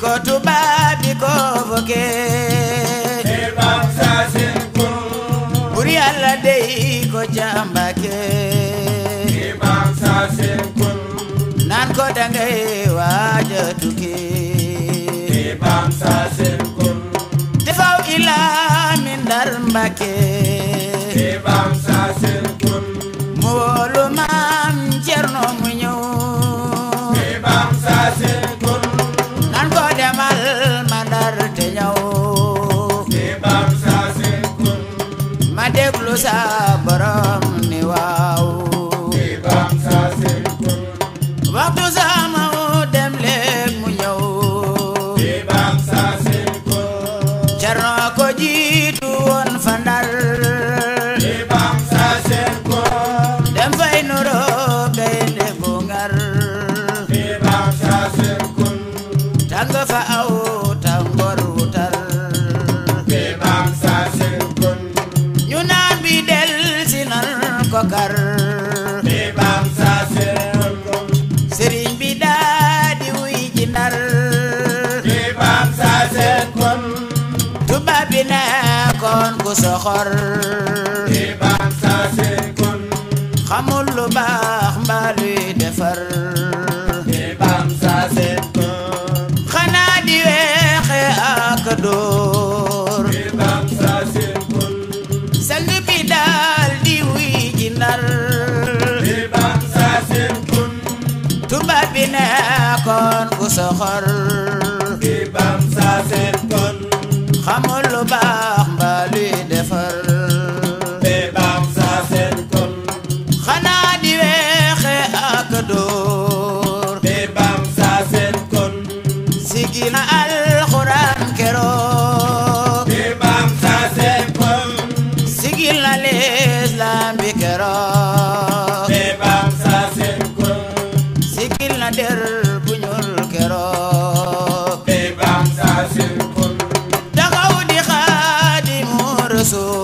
ko tubaab bi convoqué imam Sassine Kourou bur yàlla dey ko jàmbake imam Sassine Kourou naan ko dangay waaja tukki imam Sassine Kourou defaw ilaa mi ndar mbake imam lu waxtu sama u mu ñëw Cerno ko jiitu woon fa Ndar dem fay nu roog gay nde gungar tàng fa aw ko kar mi baam saa seen kon sëriñ bi daa di wuy ji nar mi baam saa kon ku soxor mi baam saa seen xamul lu baax mbaalu kon ku soxor di bam sa seet kon xamul lu baax mbaa luy defar di bam sa seet kon xanaa di weexe ak dóor di bam sa seet kon sigi na alxuraan keroog di bam sa seet kon sigil na lislaam bi keroog So